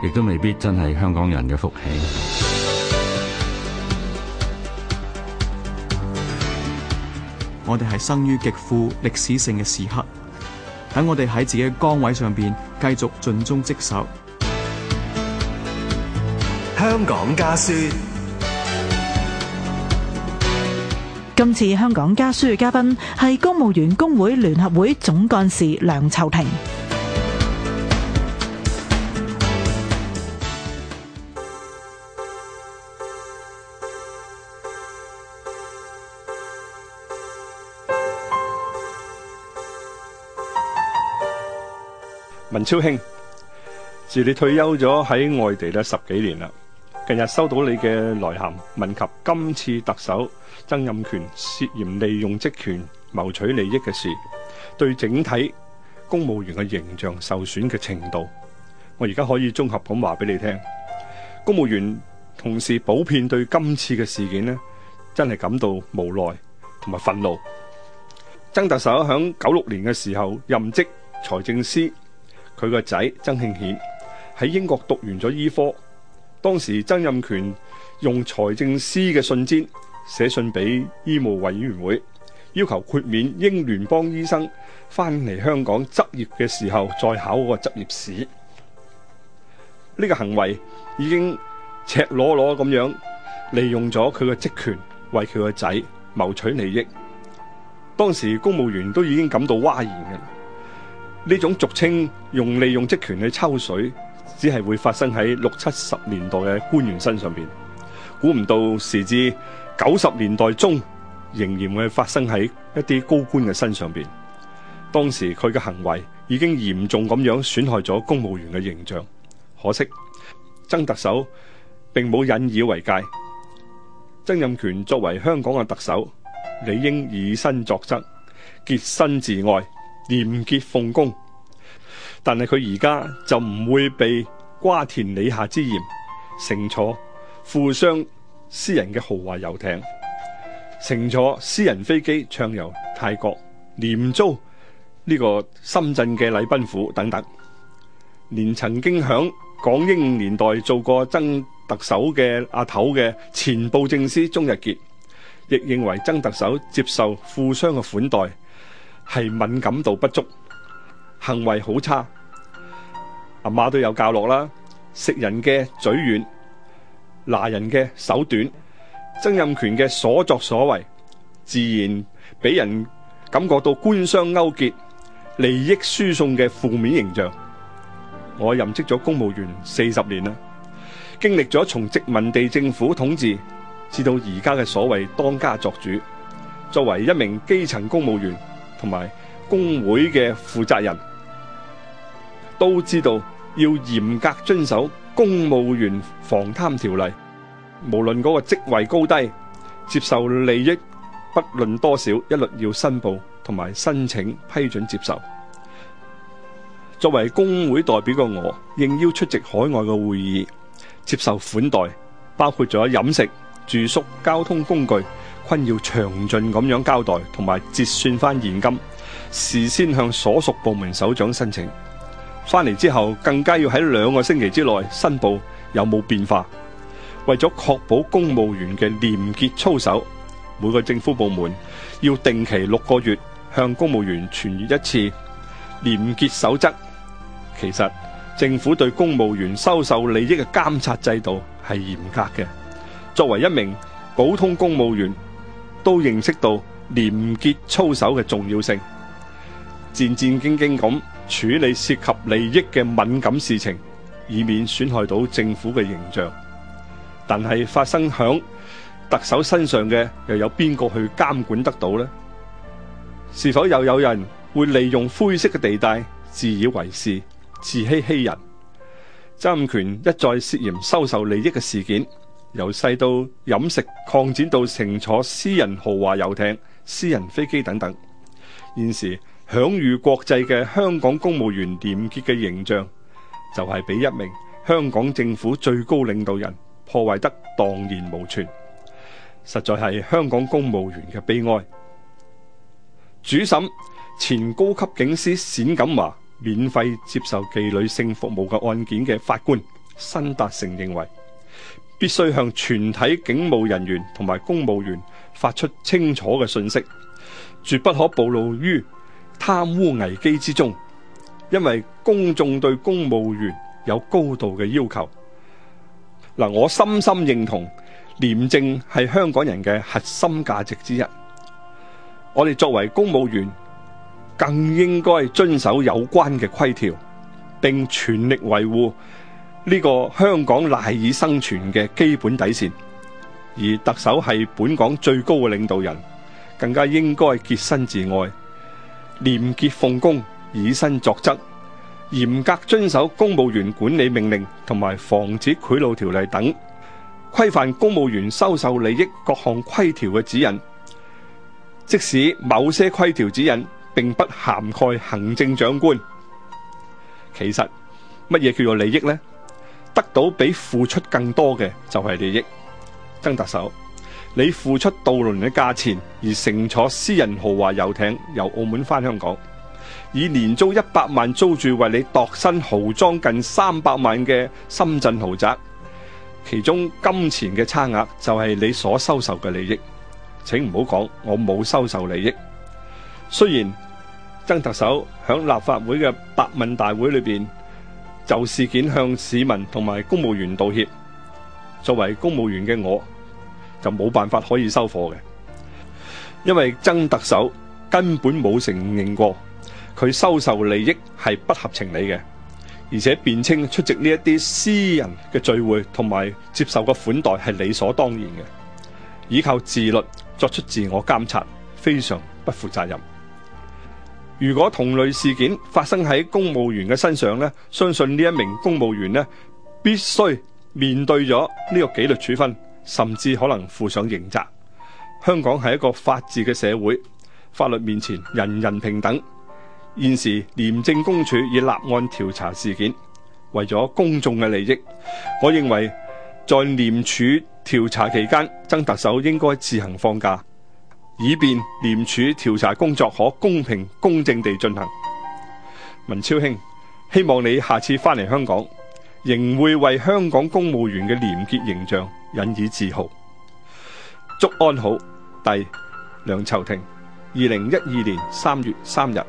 亦都未必真係香港人嘅福氣。我哋係生於極富歷史性嘅時刻，等我哋喺自己嘅崗位上邊繼續盡忠職守。香港家書。今次香港家書嘅嘉賓係公務員工會聯合會總幹事梁籌庭。文超兄，自你退休咗喺外地咧十幾年啦。近日收到你嘅來函，問及今次特首曾蔭權涉嫌利用職權謀取利益嘅事，對整體公務員嘅形象受損嘅程度，我而家可以綜合咁話俾你聽。公務員同事普遍對今次嘅事件咧，真係感到無奈同埋憤怒。曾特首響九六年嘅時候任職財政司。佢個仔曾慶顯喺英國讀完咗醫科，當時曾蔭權用財政司嘅信箋寫信俾醫務委員會，要求豁免英聯邦醫生翻嚟香港執業嘅時候再考個執業試。呢個行為已經赤裸裸咁樣利用咗佢個職權為佢個仔謀取利益。當時公務員都已經感到嘩然嘅啦。呢種俗稱用利用職權去抽水，只係會發生喺六七十年代嘅官員身上邊。估唔到時至九十年代中，仍然會發生喺一啲高官嘅身上邊。當時佢嘅行為已經嚴重咁樣損害咗公務員嘅形象。可惜曾特首並冇引以為戒。曾蔭權作為香港嘅特首，理應以身作則，潔身自愛。廉潔奉公，但係佢而家就唔會被瓜田李下之嫌，乘坐富商私人嘅豪華遊艇，乘坐私人飛機暢遊泰國，廉租呢個深圳嘅禮賓府等等。連曾經響港英年代做過曾特首嘅阿頭嘅前布政司鍾日傑，亦認為曾特首接受富商嘅款待，係敏感度不足，行為好差，阿媽都有教落啦。食人嘅嘴軟，拿人嘅手短。曾蔭權嘅所作所為，自然俾人感覺到官商勾結、利益輸送嘅負面形象。我任職咗公務員四十年啦，經歷咗從殖民地政府統治，至到而家嘅所謂當家作主。作為一名基層公務員，同埋工會嘅負責人都知道要嚴格遵守公務員防貪條例，無論嗰個職位高低，接受利益不論多少，一律要申報同埋申請批准接受。作為工會代表嘅我，應邀出席海外嘅會議，接受款待，包括咗飲食、住宿、交通工具。均要詳盡咁樣交代同埋折算翻現金，事先向所屬部門首長申請。翻嚟之後，更加要喺兩個星期之內申報有冇變化。為咗確保公務員嘅廉潔操守，每個政府部門要定期六個月向公務員傳閱一次廉潔守則。其實政府對公務員收受利益嘅監察制度係嚴格嘅。作為一名普通公務員，都認識到廉潔操守嘅重要性，戰戰兢兢咁處理涉及利益嘅敏感事情，以免損害到政府嘅形象。但係發生響特首身上嘅，又有邊個去監管得到呢？是否又有人會利用灰色嘅地帶，自以為是，自欺欺人？曾蔭權，一再涉嫌收受利益嘅事件。由細到飲食，擴展到乘坐私人豪華遊艇、私人飛機等等。現時享譽國際嘅香港公務員廉潔嘅形象，就係、是、俾一名香港政府最高領導人破壞得蕩然無存。實在係香港公務員嘅悲哀。主審前高級警司冼錦華免費接受妓女性服務嘅案件嘅法官辛達誠認為。必須向全體警務人員同埋公務員發出清楚嘅信息，絕不可暴露於貪污危機之中。因為公眾對公務員有高度嘅要求。嗱，我深深認同廉政係香港人嘅核心價值之一。我哋作為公務員，更應該遵守有關嘅規條，並全力維護。呢個香港賴以生存嘅基本底線，而特首係本港最高嘅領導人，更加應該潔身自愛、廉潔奉公、以身作則，嚴格遵守公務員管理命令同埋防止賄賂條例等規範公務員收受利益各項規條嘅指引。即使某些規條指引並不涵蓋行政長官，其實乜嘢叫做利益呢？得到比付出更多嘅就係、是、利益，曾特首，你付出渡輪嘅價錢而乘坐私人豪華遊艇由澳門翻香港，以年租一百萬租住為你度身豪裝近三百萬嘅深圳豪宅，其中金錢嘅差額就係你所收受嘅利益，請唔好講我冇收受利益，雖然曾特首響立法會嘅百問大會裏邊。就事件向市民同埋公務員道歉。作為公務員嘅我，就冇辦法可以收貨嘅，因為曾特首根本冇承認過，佢收受利益係不合情理嘅，而且辯稱出席呢一啲私人嘅聚會同埋接受個款待係理所當然嘅，依靠自律作出自我監察，非常不負責任。如果同類事件發生喺公務員嘅身上咧，相信呢一名公務員咧必須面對咗呢個紀律處分，甚至可能負上刑責。香港係一個法治嘅社會，法律面前人人平等。現時廉政公署已立案調查事件，為咗公眾嘅利益，我認為在廉署調查期間，曾特首應該自行放假。以便廉署調查工作可公平公正地進行。文超卿希望你下次翻嚟香港，仍會為香港公務員嘅廉潔形象，引以自豪。祝安好，弟梁籌庭 ,2012 年3月3日。